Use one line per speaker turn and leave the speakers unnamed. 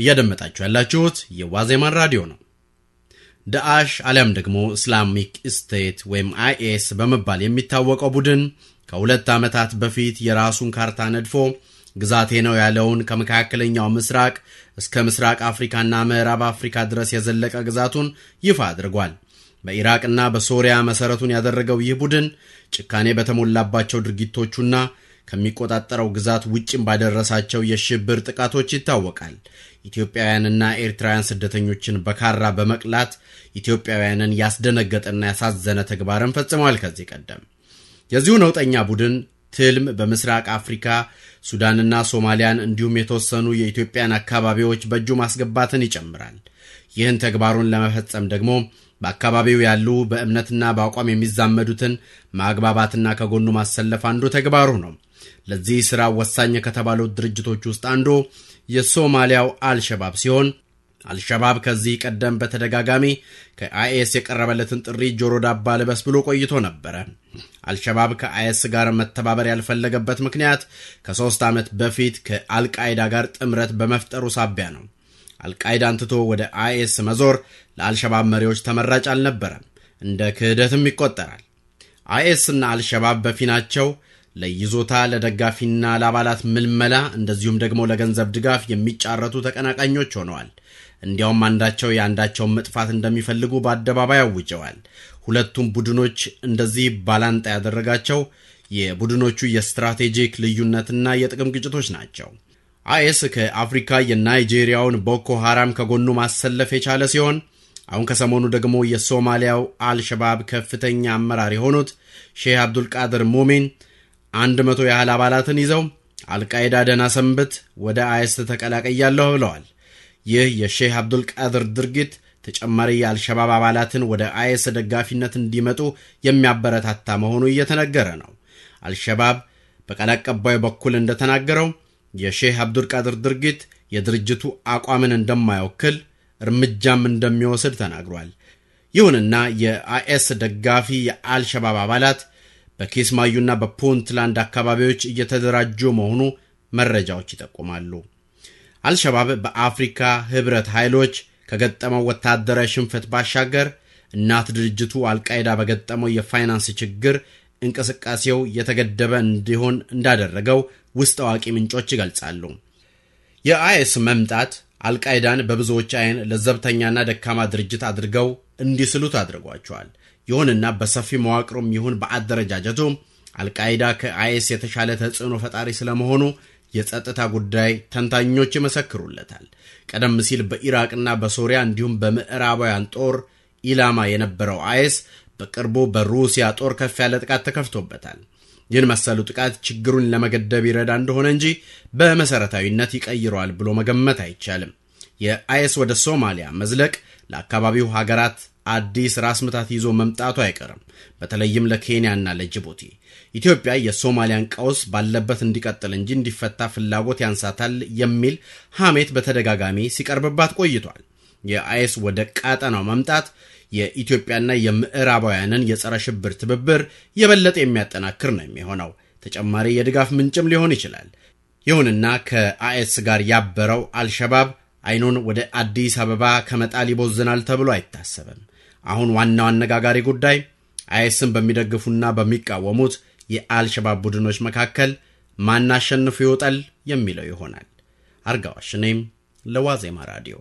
እያደመጣችሁ ያላችሁት የዋዜማን ራዲዮ ነው። ዳአሽ አሊያም ደግሞ እስላሚክ ስቴት ወይም አይኤስ በመባል የሚታወቀው ቡድን ከሁለት ዓመታት በፊት የራሱን ካርታ ነድፎ ግዛቴ ነው ያለውን ከመካከለኛው ምስራቅ እስከ ምስራቅ አፍሪካና ምዕራብ አፍሪካ ድረስ የዘለቀ ግዛቱን ይፋ አድርጓል። በኢራቅና በሶሪያ መሠረቱን ያደረገው ይህ ቡድን ጭካኔ በተሞላባቸው ድርጊቶቹና ከሚቆጣጠረው ግዛት ውጭም ባደረሳቸው የሽብር ጥቃቶች ይታወቃል። ኢትዮጵያውያንና ኤርትራውያን ስደተኞችን በካራ በመቅላት ኢትዮጵያውያንን ያስደነገጠና ያሳዘነ ተግባርን ፈጽመዋል። ከዚህ ቀደም የዚሁ ነውጠኛ ቡድን ትልም በምስራቅ አፍሪካ ሱዳንና ሶማሊያን እንዲሁም የተወሰኑ የኢትዮጵያን አካባቢዎች በእጁ ማስገባትን ይጨምራል። ይህን ተግባሩን ለመፈጸም ደግሞ በአካባቢው ያሉ በእምነትና በአቋም የሚዛመዱትን ማግባባትና ከጎኑ ማሰለፍ አንዱ ተግባሩ ነው። ለዚህ ሥራ ወሳኝ ከተባሉት ድርጅቶች ውስጥ አንዱ የሶማሊያው አልሸባብ ሲሆን አልሸባብ ከዚህ ቀደም በተደጋጋሚ ከአይኤስ የቀረበለትን ጥሪ ጆሮ ዳባ ልበስ ብሎ ቆይቶ ነበረ። አልሸባብ ከአይኤስ ጋር መተባበር ያልፈለገበት ምክንያት ከሦስት ዓመት በፊት ከአልቃይዳ ጋር ጥምረት በመፍጠሩ ሳቢያ ነው። አልቃይዳን ትቶ ወደ አይኤስ መዞር ለአልሸባብ መሪዎች ተመራጭ አልነበረም፣ እንደ ክህደትም ይቆጠራል። አይኤስና አልሸባብ በፊናቸው ለይዞታ ለደጋፊና ለአባላት ምልመላ እንደዚሁም ደግሞ ለገንዘብ ድጋፍ የሚጫረቱ ተቀናቃኞች ሆነዋል። እንዲያውም አንዳቸው የአንዳቸውን መጥፋት እንደሚፈልጉ በአደባባይ አውጀዋል። ሁለቱም ቡድኖች እንደዚህ ባላንጣ ያደረጋቸው የቡድኖቹ የስትራቴጂክ ልዩነትና የጥቅም ግጭቶች ናቸው። አይኤስ ከአፍሪካ የናይጄሪያውን ቦኮ ሃራም ከጎኑ ማሰለፍ የቻለ ሲሆን አሁን ከሰሞኑ ደግሞ የሶማሊያው አልሸባብ ከፍተኛ አመራር የሆኑት ሼህ አብዱልቃድር ሙሚን አንድ መቶ ያህል አባላትን ይዘው አልቃይዳ ደህና ሰንብት ወደ አይስ ተቀላቀያለሁ ብለዋል። ይህ የሼህ አብዱልቃድር ድርጊት ተጨማሪ የአልሸባብ አባላትን ወደ አይስ ደጋፊነት እንዲመጡ የሚያበረታታ መሆኑ እየተነገረ ነው። አልሸባብ በቃል አቀባዩ በኩል እንደተናገረው የሼህ አብዱልቃድር ድርጊት የድርጅቱ አቋምን እንደማይወክል እርምጃም እንደሚወስድ ተናግሯል። ይሁንና የአይኤስ ደጋፊ የአልሸባብ አባላት በኬስማዩና በፑንትላንድ አካባቢዎች እየተደራጁ መሆኑ መረጃዎች ይጠቁማሉ። አልሸባብ በአፍሪካ ህብረት ኃይሎች ከገጠመው ወታደራዊ ሽንፈት ባሻገር እናት ድርጅቱ አልቃይዳ በገጠመው የፋይናንስ ችግር እንቅስቃሴው የተገደበ እንዲሆን እንዳደረገው ውስጥ አዋቂ ምንጮች ይገልጻሉ። የአይኤስ መምጣት አልቃይዳን በብዙዎች አይን ለዘብተኛና ደካማ ድርጅት አድርገው እንዲስሉት አድርጓቸዋል። ይሁንና በሰፊ መዋቅሩም ይሁን በአደረጃጀቱ አልቃይዳ ከአይኤስ የተሻለ ተጽዕኖ ፈጣሪ ስለመሆኑ የጸጥታ ጉዳይ ተንታኞች ይመሰክሩለታል። ቀደም ሲል በኢራቅና በሶሪያ እንዲሁም በምዕራባውያን ጦር ኢላማ የነበረው አይኤስ በቅርቡ በሩሲያ ጦር ከፍ ያለ ጥቃት ተከፍቶበታል። ይህን መሰሉ ጥቃት ችግሩን ለመገደብ ይረዳ እንደሆነ እንጂ በመሰረታዊነት ይቀይረዋል ብሎ መገመት አይቻልም። የአይኤስ ወደ ሶማሊያ መዝለቅ ለአካባቢው ሀገራት አዲስ ራስ ምታት ይዞ መምጣቱ አይቀርም፣ በተለይም ለኬንያና ለጅቡቲ። ኢትዮጵያ የሶማሊያን ቀውስ ባለበት እንዲቀጥል እንጂ እንዲፈታ ፍላጎት ያንሳታል የሚል ሐሜት በተደጋጋሚ ሲቀርብባት ቆይቷል። የአይስ ወደ ቀጠናው መምጣት የኢትዮጵያና የምዕራባውያንን የጸረ ሽብር ትብብር የበለጠ የሚያጠናክር ነው የሚሆነው። ተጨማሪ የድጋፍ ምንጭም ሊሆን ይችላል። ይሁንና ከአይስ ጋር ያበረው አልሸባብ አይኑን ወደ አዲስ አበባ ከመጣል ይቦዝናል ተብሎ አይታሰብም። አሁን ዋናው አነጋጋሪ ጉዳይ አይስን በሚደግፉና በሚቃወሙት የአልሸባብ ቡድኖች መካከል ማናሸንፉ ይወጣል የሚለው ይሆናል። አርጋዋሽ ነኝ ለዋዜማ ራዲዮ